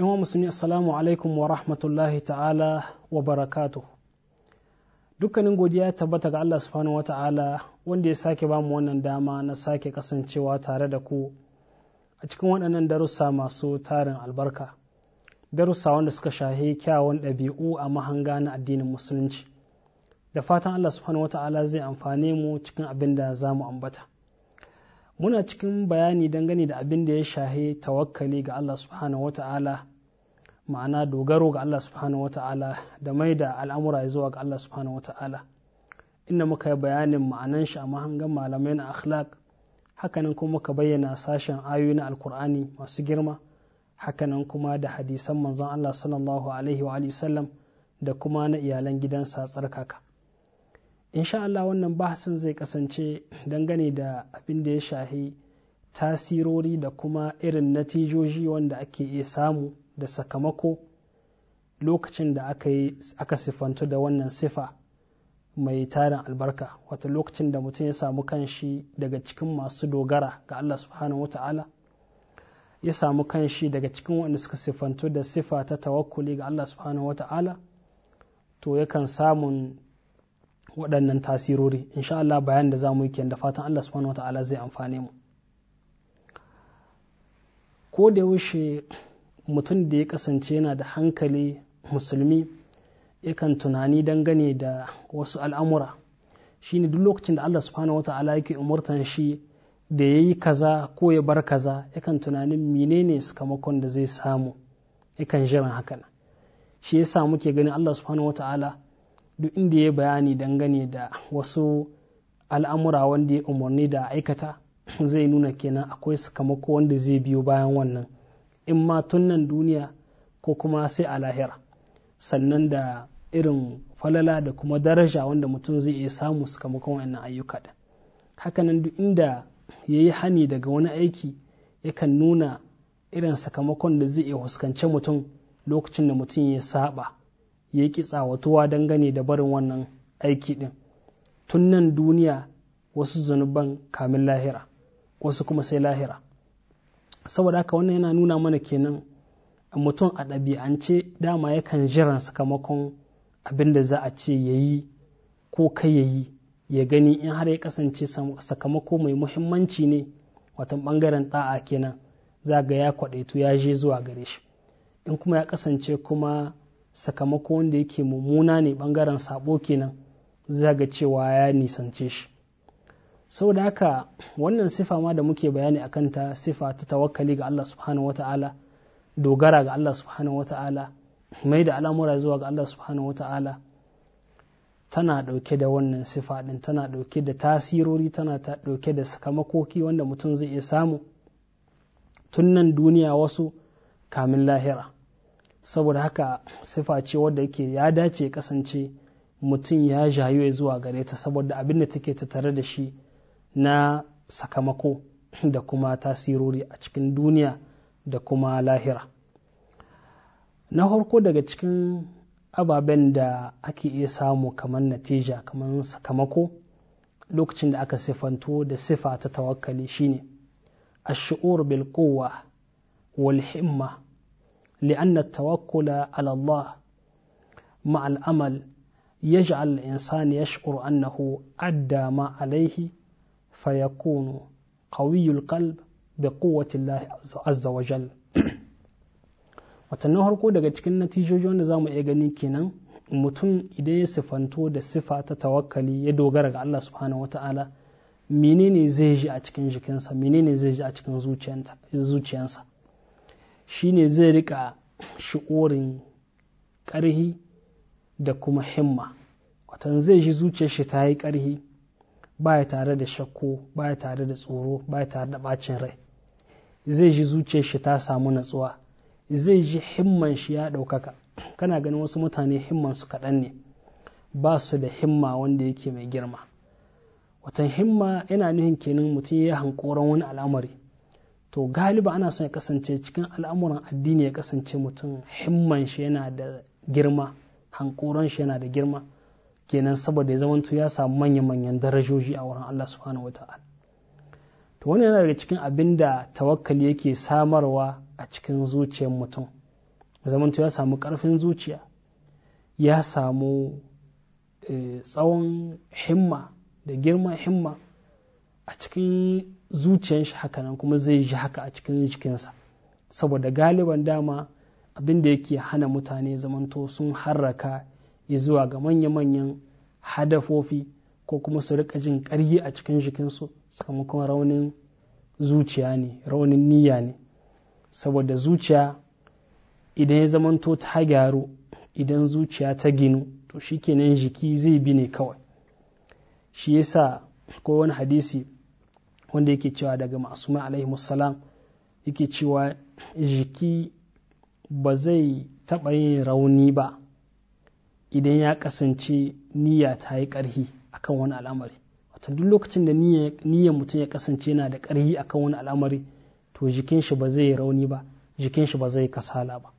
yan musulmi assalamu alaikum wa rahmatullahi ta'ala wa barakatu dukkanin godiya tabbata ga Allah subhanahu wa ta'ala wanda ya sake bamu wannan dama na sake kasancewa tare da ku a cikin waɗannan darussa masu tarin albarka darussa wanda suka shahi kyawun ɗabi'u a mahanga na addinin musulunci da fatan Allah subhanahu wa ta'ala zai amfane mu cikin abin da za mu ambata muna cikin bayani dangane da abin da ya shahe tawakkali ga Allah subhanahu wata'ala ma'ana dogaro ga Allah subhanahu wata'ala da mai da al'amura zuwa ga Allah subhanahu wata'ala inda muka yi bayanin ma'anan shi a mahangan malamai na akhlaq hakanan kuma muka bayyana sashen ayoyi na alkur'ani masu girma hakanan kuma da hadisan manzon Allah sallallahu alaihi wa sallam da kuma na iyalan gidansa tsarkaka insha Allah wannan bahasin zai kasance dangane da abin da ya shahi tasirori da kuma irin natijoji wanda ake iya samu da sakamako lokacin da aka siffantu da wannan sifa mai tarin albarka wata lokacin da mutum ya samu kanshi daga cikin masu dogara ga Allah subhanahu wata'ala ya samu kanshi daga cikin wanda suka siffantu da sifa ta tawakkuli ga Allah subhanahu wata'ala to yakan samun waɗannan tasirori insha Allah bayan da za mu yi da fatan Allah subhanahu wata'ala zai amfani mu ko da yaushe mutum da ya kasance yana da hankali musulmi yakan tunani dangane da wasu al'amura shine duk lokacin da Allah subhanahu wata'ala yake umurtan shi da ya yi kaza ko ya bar kaza yakan tunanin menene sakamakon da zai samu yakan jiran hakan shi yasa muke ganin Allah subhanahu wata'ala duk inda ya bayani dangane da wasu al'amura wanda ya umarni da aikata zai nuna kenan akwai sakamako wanda zai biyo bayan wannan in ma tunnan duniya ko kuma sai a lahira sannan da irin falala da kuma daraja wanda mutum zai iya samu sakamakon wannan ayyuka da hakanan duk inda ya yi hani daga wani aiki yakan nuna irin sakamakon da zai iya huskance mutum lokacin da mutum ya saba ya yi don dangane da barin wannan aiki ɗin tun nan duniya wasu zunuban kamin lahira wasu kuma sai lahira saboda haka wannan yana nuna mana kenan mutum a ɗabi'ance dama yakan jiran sakamakon abin da za a ce ya yi ko kai ya yi ya gani in har ya kasance sakamako mai muhimmanci ne watan bangaren ɗa'a kenan za ga ya kwaɗaitu ya je zuwa gare shi in kuma ya kasance kuma sakamako wanda yake mummuna ne bangaren sabo kenan zaga cewa ya nisance shi saboda haka wannan sifa ma da muke bayani a kanta sifa ta tawakkali ga Allah subhanahu wata'ala dogara ga Allah subhanahu wata'ala mai da al'amura zuwa ga Allah subhanahu wata'ala tana ɗauke da wannan sifa ɗin tana ɗauke da tasirori tana ɗauke da sakamakoki wanda mutum zai iya samu tun nan duniya wasu kamin lahira saboda haka sifa ce wadda yake ya dace kasance mutum ya jayo zuwa gare ta saboda abin da take tare da shi na sakamako da kuma tasirori a cikin duniya da kuma lahira na farko daga cikin ababen da ake iya samu kamar natija kamar sakamako lokacin da aka sifanto da sifa ta tawakkali shine ash-shu'ur bil quwwa wal himma لأن التوكل على الله مع الأمل يجعل الإنسان يشعر أنه أدى ما عليه فيكون قوي القلب بقوة الله عز وجل watannin harko daga cikin natijoji wanda za mu iya gani kenan mutum idan ya sifanto da sifa ta tawakkali ya dogara ga Allah subhanahu wata'ala menene zai ji a cikin jikinsa menene zai ji a cikin zuciyansa shine zai rika shi'orin ƙarhi da kuma himma watan zai ji zuciyar shi ta yi ƙarhi baya tare da shakko baya tare da tsoro baya tare da bacin rai zai ji zuciyar shi ta samu natsuwa zai ji himman shi ya ɗaukaka kana ganin wasu mutane himman su kaɗan ne ba su da himma wanda yake mai girma watan himma yana nuhin kenan mutum ya hankoron wani al'amari to galiba ana son ya kasance cikin al'amuran addini ya kasance mutum himman shi yana da girma hankoron shi yana da girma kenan saboda ya zamanto ya samu manya-manyan darajoji a wurin Allah subhanahu wa ta'ala to wani yana daga cikin abin da tawakkali yake samarwa a cikin zuciyar mutum ya zamanto ya samu karfin zuciya ya samu eh, tsawon himma da girma himma a cikin Zuciyar shi haka nan kuma zai ji haka a cikin jikinsa saboda galiban dama abin da yake hana mutane zamanto sun harraka ya zuwa ga manya-manyan hadafofi ko kuma su rika jin ƙaryi a cikin jikinsu sakamakon raunin zuciya ne raunin niyya ne saboda zuciya idan ya zamanto ta gyaru idan zuciya ta ginu to shikenan jiki zai bi ne kawai shi yasa ko wani hadisi wanda yake cewa daga masuma alaihi musallam yake cewa jiki ba zai taɓa yin rauni ba idan ya kasance niyya ta yi ƙarhi akan wani al'amari wato duk lokacin da niyyar mutum ya kasance yana da ƙarhi akan wani al'amari to jikin shi ba zai yi rauni ba jikin shi ba zai kasala ba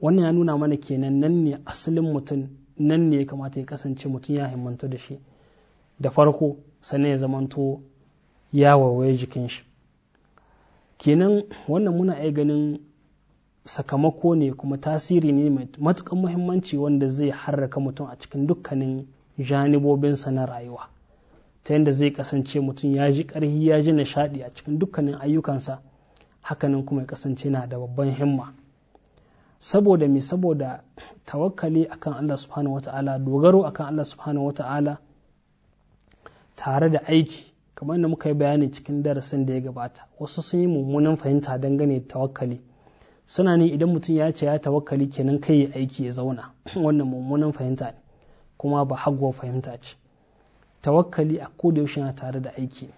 wannan ya nuna mana kenan nan ne asalin mutum nan ne ya kamata ya kasance mutum ya himmanta da shi da farko sannan ya zamanto ya wawaye jikin shi kenan wannan muna ai ganin sakamako ne kuma tasiri ne mai matukan muhimmanci wanda zai harraka mutum a cikin dukkanin janibobinsa na rayuwa ta yadda zai kasance mutum ya ji ƙarhi ya ji nishaɗi a cikin dukkanin ayyukansa hakanan kuma ya kasance na da babban himma saboda me saboda tawakkali akan Allah subhanahu wata'ala dogaro akan Allah subhanahu wata'ala tare da aiki kamar da muka yi bayani cikin darasin da ya gabata wasu sun yi mummunan fahimta dangane da tawakkali suna ne idan mutum ya ce ya tawakkali kenan kai ya aiki ya zauna wannan mummunan fahimta ne kuma ba haguwa fahimta ce tawakkali a koda na tare da aiki ne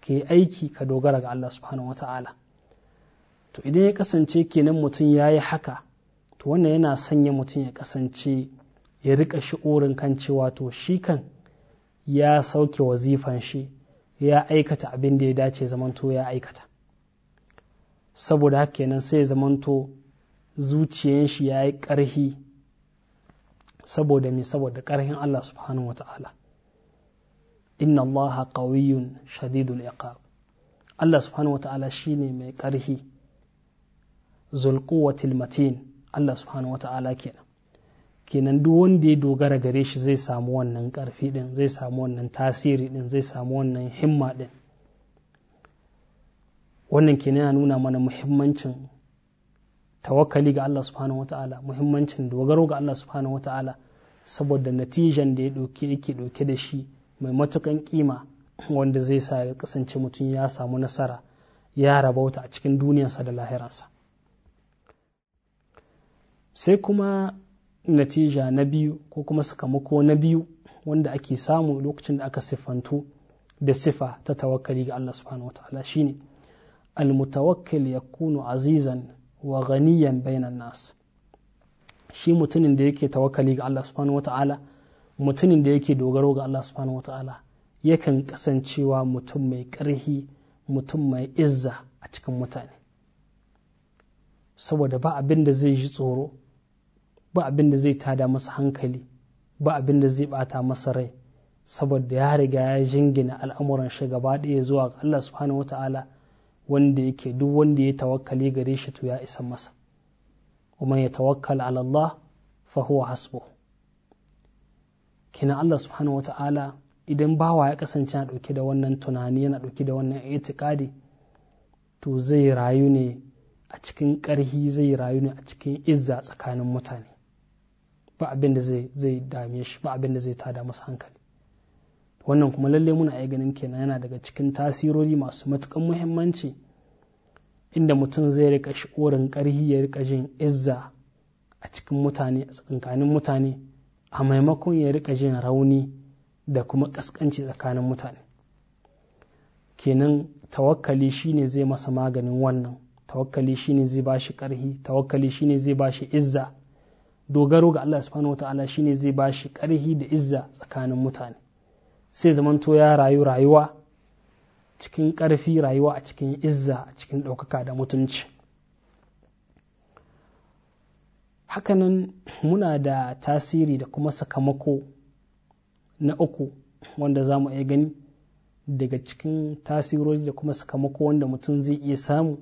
ka yi aiki ka dogara ga Allah subhanahu wata'ala to idan ya kasance kenan mutum ya yi haka to wannan yana sanya mutum ya kasance ya rika shi'orin kan cewa to shi kan ya sauke wazifan shi ya aikata abin da ya dace zamanto ya aikata saboda haka kenan sai zamanto zuciyan shi ya yi ƙarhi saboda me saboda ƙarhin Allah subhanahu wata'ala inna Allah qawiyyun shadidul iqab Allah subhanahu wata'ala ne mai ƙarhi zulkuwa matin Allah subhanahu wata'ala kenan kenan duk wanda ya dogara gare shi zai samu wannan karfi din zai samu wannan tasiri din zai samu wannan himma din wannan kenan yana nuna mana muhimmancin tawakkali ga Allah subhanahu wata'ala muhimmancin dogaro ga Allah subhanahu wata'ala saboda natijan da ya ɗauke yake ɗauke da shi mai matukan kima wanda zai sa ya kasance mutum ya samu nasara ya rabauta a cikin duniyarsa da lahiransa. sai kuma natija na biyu ko kuma sakamako na biyu wanda ake samu lokacin da aka siffantu da sifa ta tawakkali ga Allah subhanahu wataala shine almutawakkil yakunu azizan wa ghaniyan bainan nas shi mutumin da yake tawakali ga Allah subhanahu wataala mutumin da yake dogaro ga Allah subhanahu wataala yakan kasancewa mutum mai ƙarhi mutum mai izza a cikin mutane saboda ba abin da zai ji tsoro ba abin da zai tada masa hankali ba abin da zai bata masa rai saboda ya riga ya jingina al'amuran shi gaba ɗaya zuwa ga Allah subhanahu wata'ala wanda yake duk wanda ya tawakkali gare shi to ya isa masa kuma ya tawakkal ala Allah fa huwa hasbu kina Allah subhanahu wata'ala idan bawa ya kasance na ɗauke da wannan tunani yana ɗauke da wannan itikadi to zai rayu ne a cikin ƙarhi zai rayu ne a cikin izza tsakanin mutane ba abin da zai dame shi ba abin da zai tada masa hankali wannan kuma lalle muna iya ganin kenan yana daga cikin tasirori masu matukan muhimmanci inda mutum zai rika shi'orin karhi ya rika jin izza a cikin mutane a tsakankanin mutane a maimakon ya rika jin rauni da kuma kaskanci tsakanin mutane kenan tawakkali shine zai masa maganin wannan tawakkali shine zai bashi ƙarhi tawakkali shine zai bashi izza dogaro ga Allah subhanahu ta'ala shine zai ba shi ƙarhi da izza tsakanin mutane sai zamanto ya rayu rayuwa cikin ƙarfi rayuwa a cikin izza a cikin ɗaukaka da mutunci hakanan muna da tasiri da kuma sakamako na uku wanda za mu iya gani daga cikin tasirori da kuma sakamako wanda mutum zai iya samu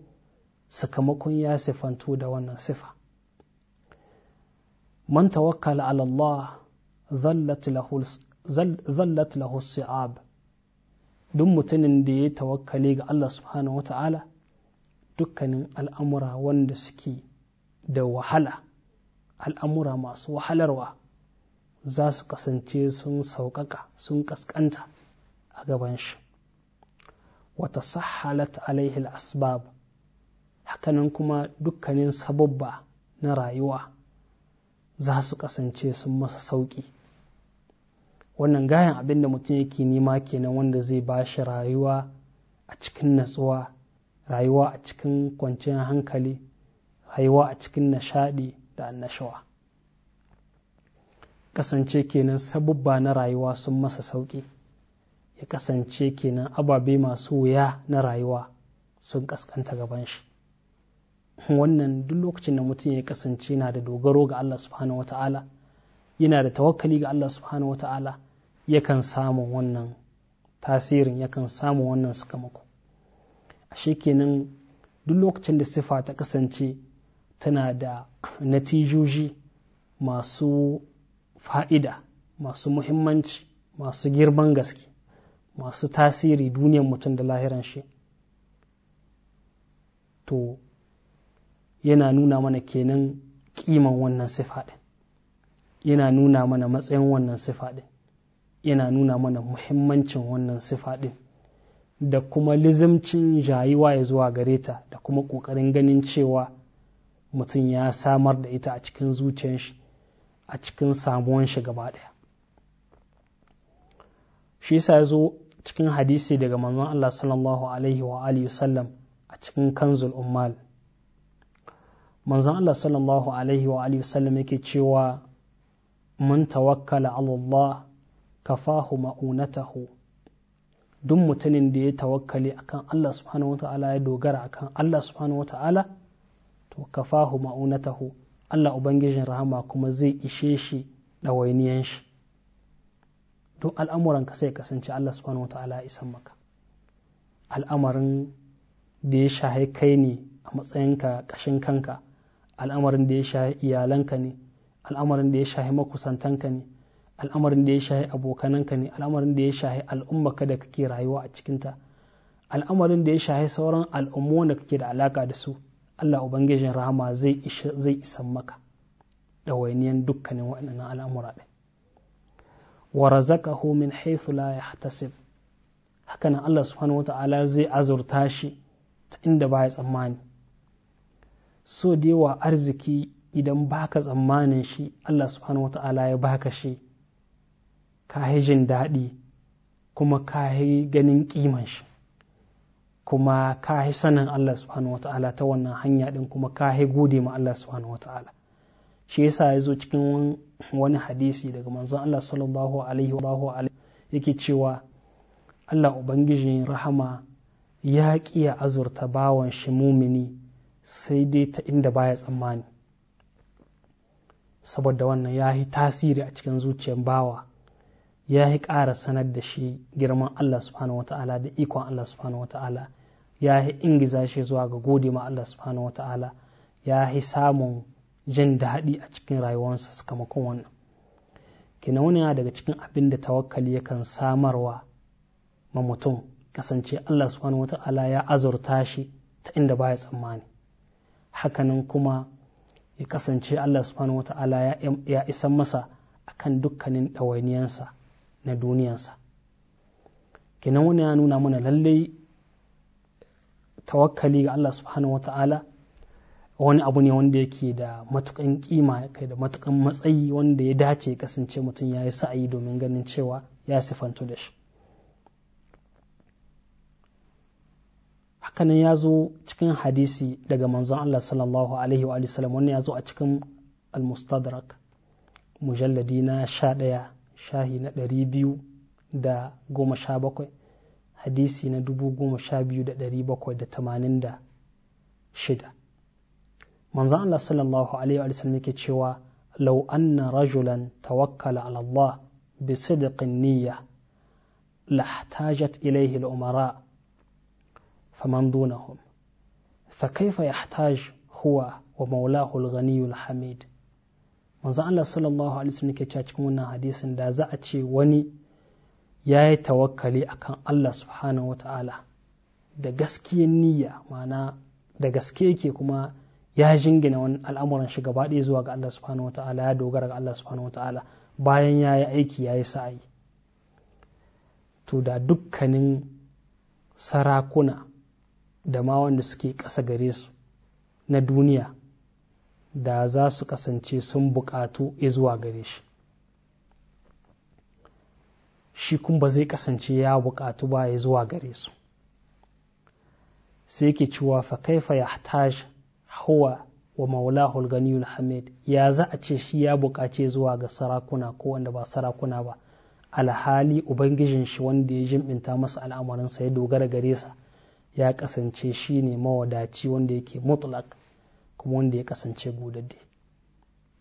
sakamakon ya sifanto da wannan sifa man tawakkala ala Allah zallat lahu si'ab duk mutumin da ya tawakkali ga Allah subhanahu wata'ala dukkanin al'amura wanda suke da wahala al'amura masu wahalarwa za su kasance sun sauƙaƙa sun ƙasƙanta a gaban shi wata sahalat alaihi asbab hakanan kuma dukkanin sababba na rayuwa za su kasance sun masa sauƙi wannan gayan abin da mutum yake nema kenan wanda zai ba shi rayuwa a cikin natsuwa rayuwa a cikin kwanciyar hankali rayuwa a cikin nishaɗi da annashawa kasance kenan sabubba na rayuwa sun masa sauƙi ya kasance kenan ababe masu wuya na rayuwa sun ƙasƙanta gaban shi wannan duk lokacin da mutum ya kasance yana da dogaro ga Allah subhanahu wata'ala yana da tawakkali ga Allah subhanahu wata'ala yakan samu wannan tasirin yakan samu wannan sakamako ashe kenan duk lokacin da sifa ta kasance tana da natijoji masu fa'ida masu muhimmanci masu girman gaske masu tasiri duniyar mutum da lahiran shi to yana nuna mana kenan kiman wannan sifa ɗin yana nuna mana matsayin wannan sifa ɗin yana nuna mana muhimmancin wannan sifa ɗin da kuma lizimcin jayiwa ya zuwa gare ta da kuma ƙoƙarin ganin cewa mutum ya samar da ita a cikin zuciyar shi a cikin samuwan shi gaba ɗaya shi yasa ya zo cikin hadisi daga manzon Allah sallallahu alaihi wa alihi sallam a cikin kanzul ummal manzon Allah sallallahu alaihi wa alihi wasallam yake cewa mun tawakkala ala Allah kafahu ma'unatahu duk mutumin da ya tawakkali akan Allah subhanahu wa ta'ala ya dogara akan Allah subhanahu wa ta'ala to kafahu ma'unatahu Allah ubangijin rahama kuma zai ishe shi ɗawainiyan shi duk ka sai kasance Allah subhanahu wa ta'ala ya isan maka al'amarin da ya shahe kai ne a matsayinka ƙashin kanka al'amarin da ya shahi iyalanka ne al'amarin da ya shahi makusantanka ne al'amarin da ya shahi abokananka ne al'amarin da ya shahi al'ummaka da kake rayuwa a cikinta al'amarin da ya shahi sauran al'ummu da kake da alaka da su Allah ubangijin rahama zai zai isan maka ɗawainiyan dukkanin waɗannan al'amura ɗin wa razaqahu min haythu la yahtasib hakanan Allah subhanahu wata'ala zai azurta shi ta inda baya tsammani so da yawa arziki idan baka tsammanin shi Allah subhanahu wata'ala ya baka shi ka yi jin daɗi kuma ka yi ganin ƙiman shi kuma ka yi sanin Allah subhanahu wata'ala ta wannan hanya ɗin kuma ka yi gode ma Allah subhanahu wata'ala shi yasa ya zo cikin wani hadisi daga manzon Allah sallallahu alaihi wa yake cewa Allah ubangijin rahama ya ƙiya azurta bawan shi mumini sai dai ta inda baya tsammani saboda wannan ya yi tasiri a cikin zuciyar bawa ya yi ƙara sanar da shi girman Allah subhanahu wata'ala da ikon Allah subhanahu wata'ala ya yi ingiza shi zuwa ga gode ma Allah subhanahu wata'ala ya yi samun jin daɗi a cikin rayuwarsa sakamakon wannan kina wani daga cikin abin da tawakkali yakan samarwa ma mutum kasance Allah subhanahu wata'ala ya azurta shi ta inda baya tsammani hakanan kuma ya kasance Allah subhanahu wata'ala ya isan masa akan dukkanin ɗawainiyansa na duniyansa kenan wani ya nuna mana lallai tawakkali ga Allah subhanahu wata'ala wani abu ne wanda yake da matukan kima kai da matukan matsayi wanda ya dace kasance mutum ya yi sa'ayi domin ganin cewa ya sifantu da shi hakanan ya zo cikin hadisi daga manzon Allah sallallahu alaihi wa sallam wannan ya zo a cikin al-mustadrak mujalladi na sha ɗaya shahi na ɗari biyu da goma sha bakwai hadisi na dubu goma sha biyu da ɗari bakwai da tamanin da shida manzon Allah sallallahu alaihi wa sallam yake cewa law anna rajulan tawakkala ala Allah bi sidqin niyya lahtajat ilayhi al-umara' faman dunahum fa kaifa yahtaj huwa wa maulahu al-ghaniyul manzo Allah sallallahu alaihi wasallam ke cewa cikin wannan hadisin da za a ce wani ya yi tawakkali akan Allah subhanahu wata'ala da gaskiyar niyya ma'ana da gaske yake kuma ya jingina wani al'amuran shi gaba ɗaya zuwa ga Allah subhanahu wata'ala ya dogara ga Allah subhanahu wata'ala bayan ya yi aiki ya yi sa'ayi to da dukkanin sarakuna da ma wanda suke ƙasa gare su na duniya da za su kasance sun buƙatu ya zuwa gare shi shi kuma ba zai kasance ya buƙatu ba ya zuwa gare su sai ke cewa fa kaifa ya huwa wa maulahul ganiyul hamid ya za a ce shi ya buƙace zuwa ga sarakuna ko wanda ba sarakuna ba alhali ubangijin shi wanda ya jimbinta masa al'amarinsa ya dogara gare sa ya kasance shi ne mawadaci wanda yake mutlak kuma wanda ya kasance godadde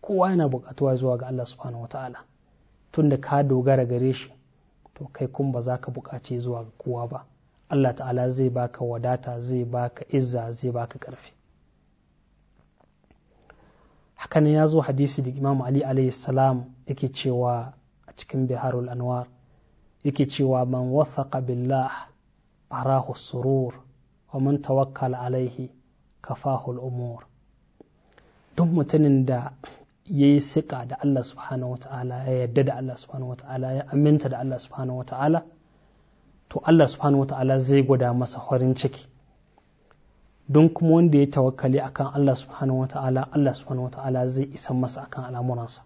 kowa yana bukatuwa zuwa ga Allah subhanahu ta'ala tun da ka dogara gare shi to kai kun ba za ka bukaci zuwa ga kowa ba Allah ta'ala zai baka wadata zai baka izza zai baka ƙarfi hakan ya zo hadisi da imam ali alayhi salam yake cewa a cikin biharul anwar yake cewa man wathaqa billah arahu surur wa man tawakkal alaihi kafahul umur duk mutumin da ya yi siƙa da Allah subhanahu wa ta'ala ya yarda da Allah subhanahu wa ta'ala ya aminta da Allah subhanahu wa ta'ala to Allah subhanahu wa ta'ala zai gwada masa farin ciki don kuma wanda ya tawakkali akan Allah subhanahu wa ta'ala Allah subhanahu wa ta'ala zai isa masa akan al'amuransa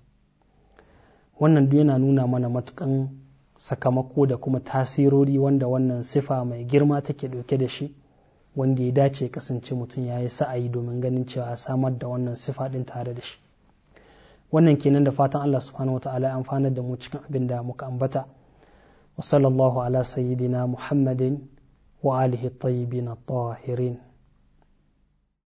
wannan duk yana nuna mana matukan sakamako da kuma tasirori wanda wannan sifa mai girma take dauke da shi wanda ya dace kasance mutum ya yi sa'ayi domin ganin cewa samar da wannan sifa ɗin tare da shi wannan kenan da fatan Allah subhanahu wa ta'ala amfanar da mu cikin abin da muka ambata wa sallallahu ala sayyidina muhammadin wa alihi tayyibin tahirin